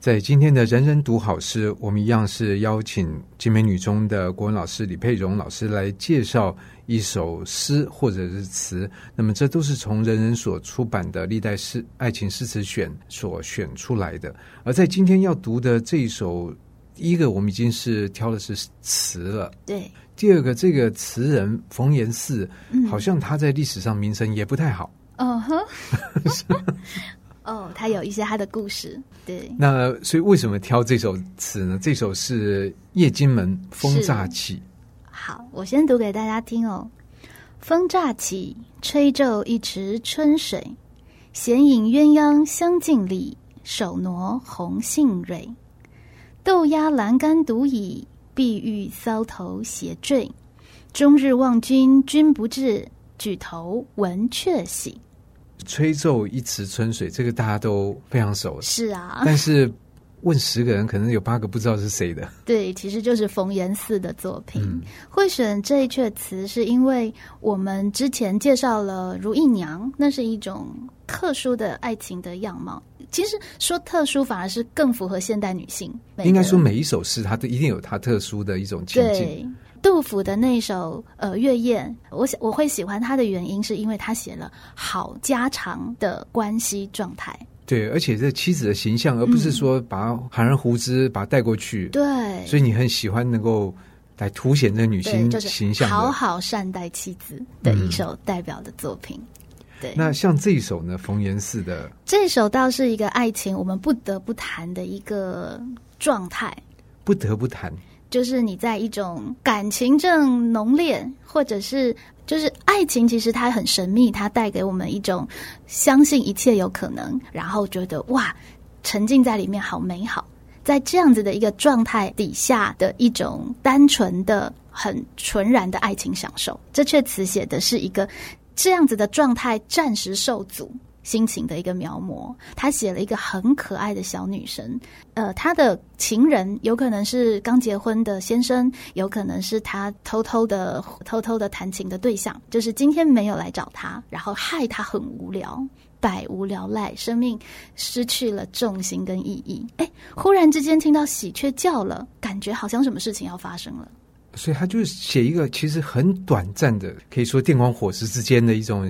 在今天的人人讀好詩，我們一樣是邀請景美女中的國文老師李佩蓉老師來介紹一首詩或者是詞。那麼這都是從人人所出版的《歷代詩愛情詩詞選》所選出來的。而在今天要讀的這一首，第一個我們已經是挑的是詞了。對，第二個這個詞人馮延巳，嗯、好像他在歷史上名聲也不太好。哦呵、uh。Huh. Uh huh. 哦，他有一些他的故事，對。那所以為什麼挑這首詞呢？嗯、這首是《謁金門》，風乍起。好，我先讀給大家聽哦。風乍起，吹皺一池春水。閒引鴛鴦香徑裏，手挼紅杏蕊。鬥鴨闌干獨倚，碧玉搔頭斜墜。終日望君君不至，舉頭聞鵲喜。吹皺一池春水，這個大家都非常熟了。是啊，但是問十個人，可能有八個不知道是誰的。對，其實就是馮延巳的作品。嗯、會選這一闕詞，是因為我們之前介紹了《如意娘》，那是一種特殊的愛情的樣貌。其實說特殊，反而是更符合現代女性。應該說，每一首詩，它都一定有它特殊的一種情境。杜甫的那一首呃《月夜》，我想我會喜歡他的原因，是因為他寫了好家常的關係狀態。對，而且這妻子的形象，而不是說把、嗯、寒兒胡之把她帶過去。對，所以你很喜歡能夠來凸顯這女性形象，好好善待妻子的一首代表的作品。嗯、對，那像這一首呢，馮延巳的這首，倒是一個愛情我們不得不談的一個狀態，不得不談。就是你在一種感情正濃烈，或者是就是愛情，其實它很神秘，它帶給我們一種相信一切有可能，然後覺得哇，沉浸在裡面好美好，在這樣子的一個狀態底下的一種單純的、很純然的愛情享受。這闕詞寫的是一個這樣子的狀態，暫時受阻。心情的一個描摹。他寫了一個很可愛的小女生，呃，他的情人有可能是剛結婚的先生，有可能是他偷偷的偷偷的談情的對象，就是今天沒有來找他，然後害他很無聊，百無聊賴，生命失去了重心跟意義。哎，忽然之間聽到喜鵲叫了，感覺好像什麼事情要發生了。所以，他就是寫一個其實很短暫的，可以說電光火石之間的一種。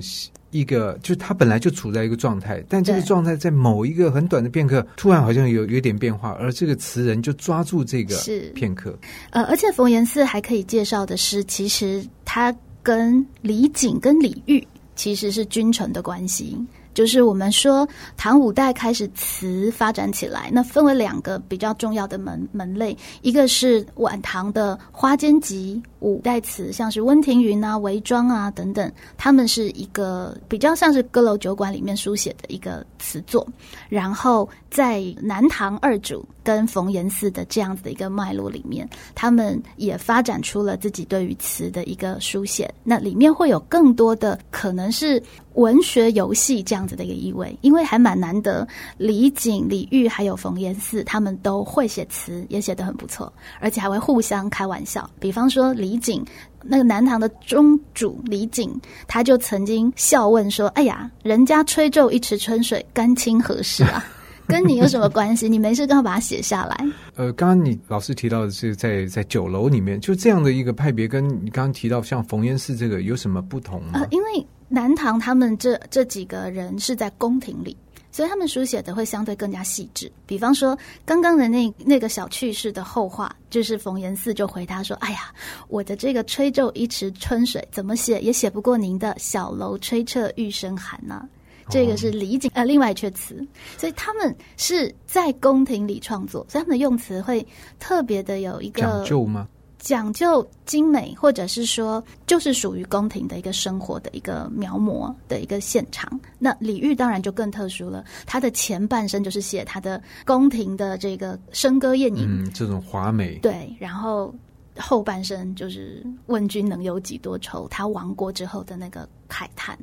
一個，就是他本來就處在一個狀態，但這個狀態在某一個很短的片刻，對突然好像有、有點變化，而這個詞人就抓住這個片刻。是呃，而且馮延巳還可以介紹的是，其實他跟李璟、跟李煜其實是君臣的關係。就是我們說唐五代開始詞發展起來，那分為兩個比較重要的門門類，一個是晚唐的《花間集》五代詞，像是溫庭筠啊、韋莊啊等等，他們是一個比較像是歌樓酒館裡面書寫的一個詞作，然後在南唐二主。跟馮延巳的這樣子的一個脈絡裡面，他們也發展出了自己對於詞的一個書寫。那裡面會有更多的可能是文學遊戲這樣子的一個意味，因為還蠻難得李璟，李璟、李煜還有馮延巳他們都會寫詞，也寫得很不錯，而且還會互相開玩笑。比方說李璟那個南唐的中主李璟，他就曾經笑問說：“哎呀，人家吹皺一池春水，干卿何事啊？” 跟你有什麼關係？你沒事就要把它寫下來。 呃，剛剛你老師提到的是在在酒樓裡面，就這樣的一個派別，跟你剛剛提到像馮延巳這個有什麼不同呢？呃，因為南唐他們這這幾個人是在宮廷裡，所以他們書寫的會相對更加細緻。比方說，剛剛的那那個小趣事的後話，就是馮延巳就回答說：“哎呀，我的這個吹皺一池春水怎麼寫也寫不過您的小樓吹徹玉笙寒呢，啊。”這個是李璟，oh. 呃，另外一闕詞，所以他們是在宮廷裡創作，所以他們的用詞會特別的有一個講究嗎？講究精美，或者是說就是屬於宮廷的一個生活的一個描摹的一個現場。那李煜當然就更特殊了，他的前半生就是寫他的宮廷的這個笙歌宴飲，嗯，這種華美。對，然後後半生就是問君能有幾多愁，他亡國之後的那個慨嘆。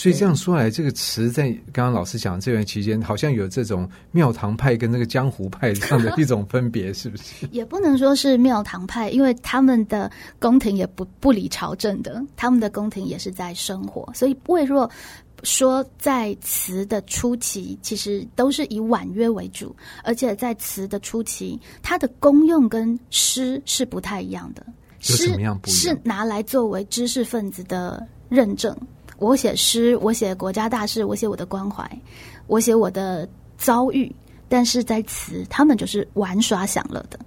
所以這樣說來，這個詞在剛剛老師講的這段期間，好像有這種廟堂派跟那個江湖派這樣的一種分別， 是不是？也不能說是廟堂派，因為他們的宮廷也不不理朝政的，他們的宮廷也是在生活。所以魏若說，在詞的初期，其實都是以婉約為主，而且在詞的初期，它的功用跟詩是不太一樣的。有什麼樣不一樣？詩是拿來作為知識分子的認證。我寫詩，我寫國家大事，我寫我的關懷，我寫我的遭遇。但是在詞，他們就是玩耍享樂的。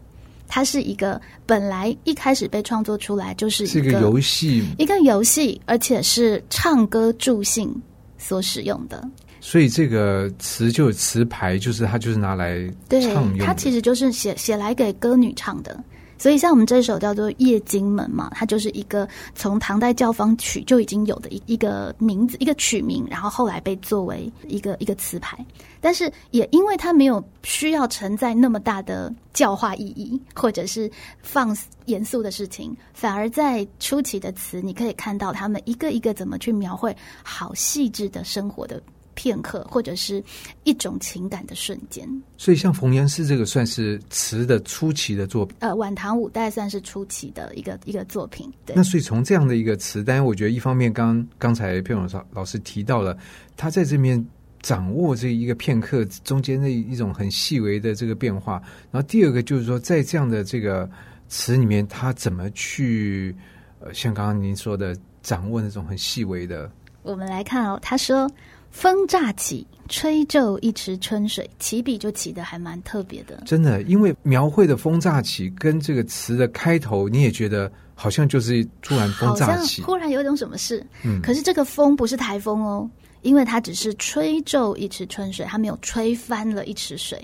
它是一個本來一開始被創作出來就是一個遊戲，一個遊戲，而且是唱歌助興所使用的。所以這個詞就有詞牌，就是它就是拿來唱用。對。它其實就是寫寫來給歌女唱的。所以，像我們這首叫做《謁金門》嘛，它就是一個從唐代教坊曲就已經有的一一個名字，一個曲名，然後後來被作為一個一個詞牌。但是，也因為它沒有需要承載那麼大的教化意義，或者是放嚴肅的事情，反而在初期的詞，你可以看到他們一個一個怎麼去描繪，好細緻的生活的。片刻，或者是一種情感的瞬間。所以，像馮延巳這個算是詞的初期的作品，呃，晚唐五代算是初期的一個一個作品。對。那所以從這樣的一個詞單，但我覺得一方面剛，剛剛才佩蓉老師提到了他在這邊掌握這一個片刻中間的一種很細微的這個變化。然後第二個就是說，在這樣的這個詞裡面，他怎麼去呃，像剛剛您說的，掌握那種很細微的。我們來看哦，他說。風乍起，吹皺一池春水。起筆就起得還蠻特別的，真的。因為描繪的風乍起，跟這個詞的開頭，你也覺得好像就是突然風乍起，忽然有種什麼事。嗯，可是這個風不是台風哦，因為它只是吹皺一池春水，它沒有吹翻了一池水。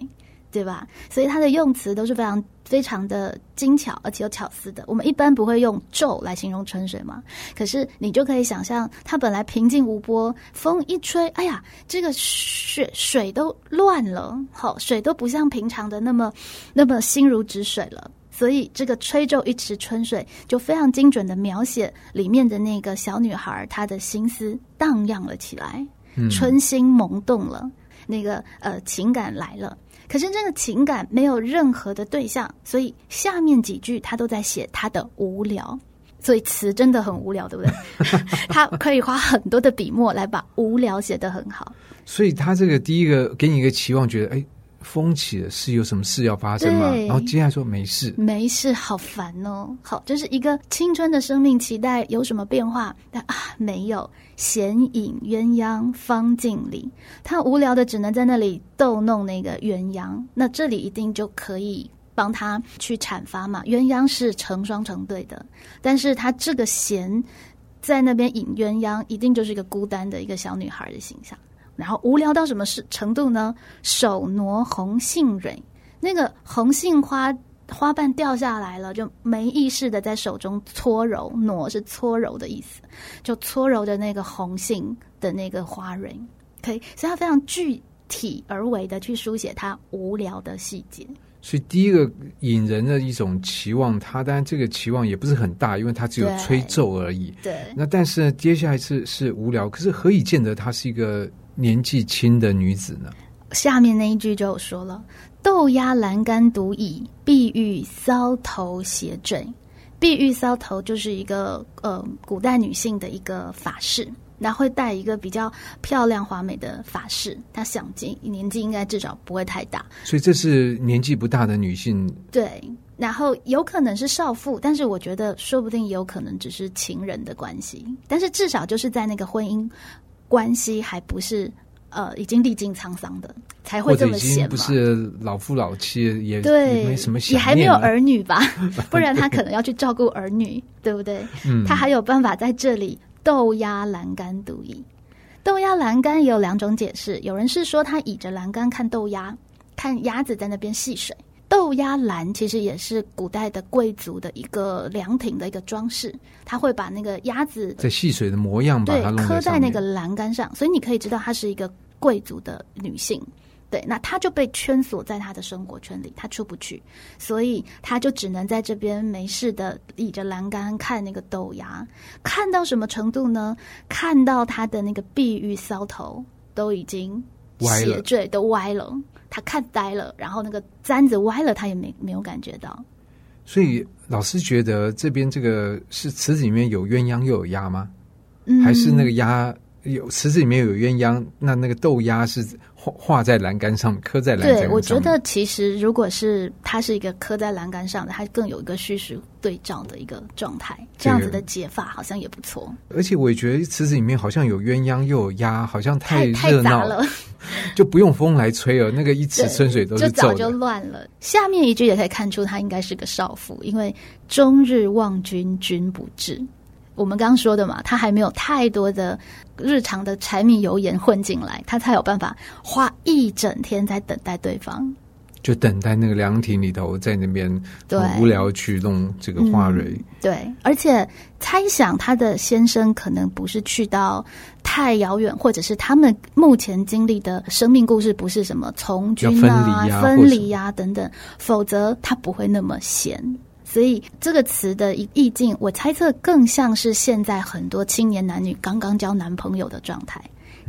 對吧？所以它的用詞都是非常非常的精巧，而且有巧思的。我們一般不會用皺來形容春水嘛，可是你就可以想象，它本來平靜無波，風一吹，哎呀，這個水水都亂了，好、哦，水都不像平常的那麼那麼心如止水了。所以這個吹皺一池春水，就非常精準的描寫裡面的那個小女孩她的心思蕩漾了起來，春心萌動了。嗯那個呃情感來了，可是這個情感沒有任何的對象，所以下面幾句他都在寫他的無聊，所以詞真的很無聊，對不對？ 他可以花很多的筆墨來把無聊寫得很好， 所以他這個第一個給你一個期望，覺得哎。風起了，是有什麼事要發生嗎？對然後接下來說沒事，沒事，好煩哦。好，就是一個青春的生命，期待有什麼變化，但啊沒有。閒引鴛鴦方徑裏，他無聊的只能在那裡逗弄那個鴛鴦。那這裡一定就可以幫他去闡發嘛。鴛鴦是成雙成對的，但是他這個閒在那邊引鴛鴦，一定就是一個孤單的一個小女孩的形象。然後無聊到什麼是程度呢？手挼紅杏蕊，那個紅杏花花瓣掉下來了，就沒意識的在手中搓揉，挼是搓揉的意思，就搓揉的那個紅杏的那個花蕊，可以，所以他非常具體而微的去書寫他無聊的細節。所以第一個引人的一種期望，他當然這個期望也不是很大，因為他只有吹皺而已。對，對。那但是呢，接下來是是無聊，可是何以見得他是一個？年紀輕的女子呢？下面那一句就說了：“鬥鴨闌干獨倚，碧玉搔頭斜墜。碧玉搔頭就是一個呃，古代女性的一個髮飾，然後會帶一個比較漂亮華美的髮飾。她想，今年紀應該至少不會太大，所以這是年紀不大的女性。對，然後有可能是少婦，但是我覺得說不定有可能只是情人的關係，但是至少就是在那個婚姻。”關係還不是呃，已經歷盡滄桑的才會這麼閒嘛，不是老夫老妻也對，也沒什麼也還沒有兒女吧？ 對不然他可能要去照顧兒女，對不對？嗯、他還有辦法在這裡鬥鴨欄杆獨倚。鬥鴨欄杆也有兩種解釋，有人是說他倚着欄杆看鬥鴨，看鴨子在那邊戲水。鬥鴨闌其實也是古代的貴族的一個涼亭的一個裝飾，他會把那個鴨子在戲水的模樣把它，對，磕在那個欄杆上，所以你可以知道她是一個貴族的女性，對，那她就被圈鎖在她的生活圈裡，她出不去，所以她就只能在這邊沒事的倚着欄杆看那個鬥鴨，看到什麼程度呢？看到她的那個碧玉搔頭都已經斜墜，歪了都歪了。他看呆了，然後那個簪子歪了，他也沒沒有感覺到。所以老師覺得這邊這個是池子裡面有鴛鴦又有鴨嗎？嗯、還是那個鴨有池子裡面有鴛鴦？那那個鬥鴨是？畫在欄杆上，刻在欄杆上。對，我覺得其實如果是它是一個刻在欄杆上的，它更有一個虛實對照的一個狀態。這樣子的解法好像也不錯。而且我也覺得池子裡面好像有鴛鴦又有鴨，好像太熱鬧太太了， 就不用風來吹了。那個一池春水都是皺，就早就亂了。下面一句也可以看出，他應該是個少婦，因為終日望君君不至。我們剛剛說的嘛，他還沒有太多的日常的柴米油鹽混進來，他才有辦法花一整天在等待對方。就等待那個涼亭裡頭，在那邊對無聊去弄這個花蕊。嗯，對，而且猜想他的先生可能不是去到太遙遠，或者是他們目前經歷的生命故事不是什麼從軍啊、分離啊等等，否則他不會那麼閒。所以這個詞的意意境，我猜測更像是現在很多青年男女剛剛交男朋友的狀態。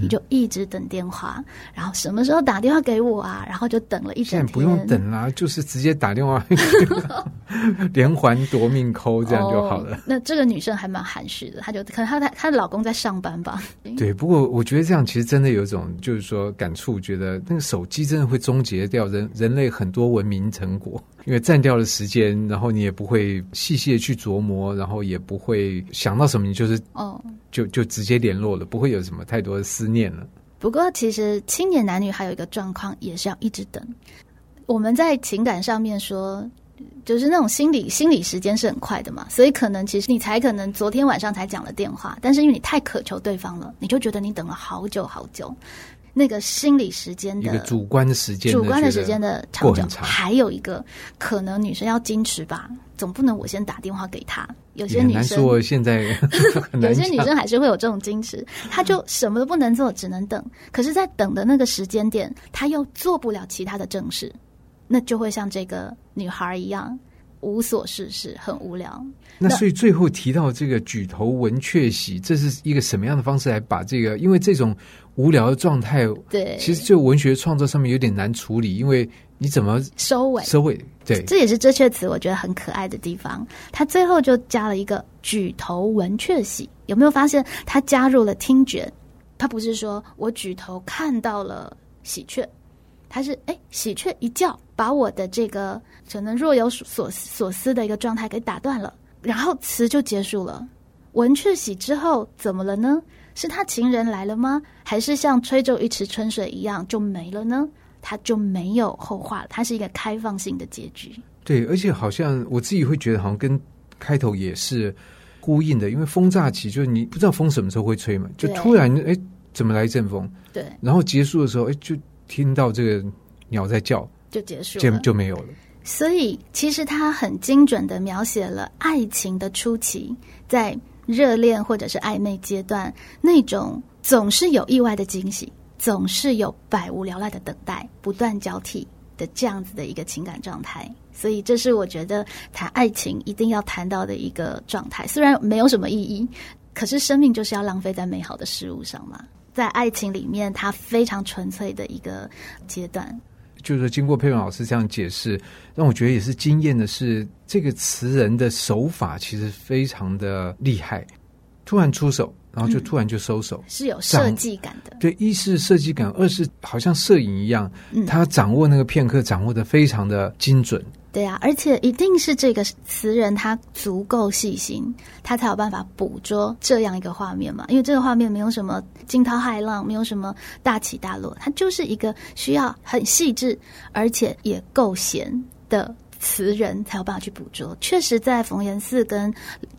你就一直等電話，然後什麼時候打電話給我啊？然後就等了一整天。但不用等啦，就是直接打電話， 連環奪命 call 這樣就好了。Oh, 那這個女生還蠻含蓄的，她就可能她她她的老公在上班吧。對，不過我覺得這樣其實真的有一種，就是說感觸，覺得那個手機真的會終結掉人人類很多文明成果，因為占掉了時間，然後你也不會細細的去琢磨，然後也不會想到什麼，你就是哦，oh. 就就直接聯絡了，不會有什麼太多的事。不過，其實青年男女還有一個狀況，也是要一直等。我們在情感上面說，就是那種心理心理時間是很快的嘛，所以可能其實你才可能昨天晚上才講了電話，但是因為你太渴求對方了，你就覺得你等了好久好久。那個心理時間的個主觀的時間的，主觀的時間的長短，還有一個可能，女生要矜持吧，總不能我先打電話給她。有些女生，我現在 有些女生還是會有這種矜持， 她就什麼都不能做，只能等。可是，在等的那個時間點，她又做不了其他的正事，那就會像這個女孩一樣。無所事事，很無聊。那所以最後提到這個“舉頭聞鵲喜”，對這是一個什麼樣的方式來把這個？因為這種無聊的狀態，對，其實就文學創作上面有點難處理，因為你怎麼收尾？收尾，對，這也是這闋詞我覺得很可愛的地方。他最後就加了一個“舉頭聞鵲喜”，有沒有發現他加入了聽覺？他不是說我舉頭看到了喜鵲。它是哎，喜鵲一叫，把我的這個可能若有所思、所思的一個狀態給打斷了，然後詞就結束了。聞鵲喜之後怎麼了呢？是他情人來了嗎？還是像吹皺一池春水一樣就沒了呢？它就沒有後話了，它是一個開放性的結局。對，而且好像我自己會覺得，好像跟開頭也是呼應的，因為風乍起，就是你不知道風什麼時候會吹嘛，就突然哎對，怎麼來一陣風？對，然後結束的時候哎就。聽到這個鳥在叫，就結束了，就就沒有了。所以，其實他很精準的描寫了愛情的初期，在熱戀或者是曖昧階段，那種總是有意外的驚喜，總是有百無聊賴的等待，不斷交替的這樣子的一個情感狀態。所以，這是我覺得談愛情一定要談到的一個狀態。雖然沒有什麼意義，可是生命就是要浪費在美好的事物上嘛。在愛情裡面，他非常純粹的一個階段。就是經過佩蓉老師這樣解釋，讓我覺得也是驚艷的是，這個詞人的手法其實非常的厲害。突然出手，然後就突然就收手，嗯、是有設計感的。對，一是設計感，二是好像攝影一樣，他、嗯、掌握那個片刻，掌握的非常的精準。對啊，而且一定是這個詞人他足夠細心，他才有辦法捕捉這樣一個畫面嘛。因為這個畫面沒有什麼驚濤駭浪，沒有什麼大起大落，他就是一個需要很細緻，而且也夠閒的詞人才有辦法去捕捉。確實，在馮延巳跟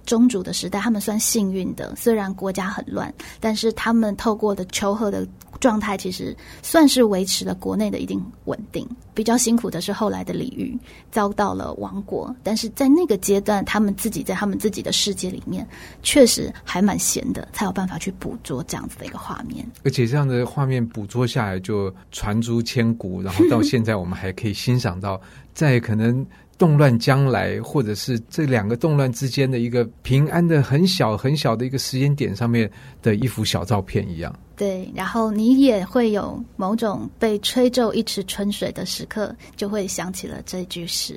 中主的時代，他們算幸運的，雖然國家很亂，但是他們透過的求和的狀態其實算是維持了國內的一定穩定。比較辛苦的是後來的李煜遭到了亡國，但是在那個階段，他們自己在他們自己的世界裡面，確實還蠻閒的，才有辦法去捕捉這樣子的一個畫面。而且這樣的畫面捕捉下來就傳諸千古，然後到現在我們還可以欣賞到，在可能動亂將來 或者是這兩個動亂之間的一個平安的很小很小的一個時間點上面的一幅小照片一樣。對，然後你也會有某種被吹皺一池春水的時刻，就會想起了這句詩。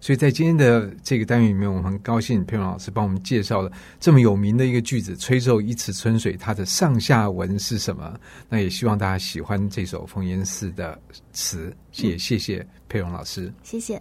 所以在今天的這個單元裡面，我們很高興佩蓉老師幫我們介紹了這麼有名的一個句子“吹皺一池春水”，它的上下文是什麼？那也希望大家喜歡這首馮延巳的詞，也謝謝佩蓉老師。嗯，謝謝。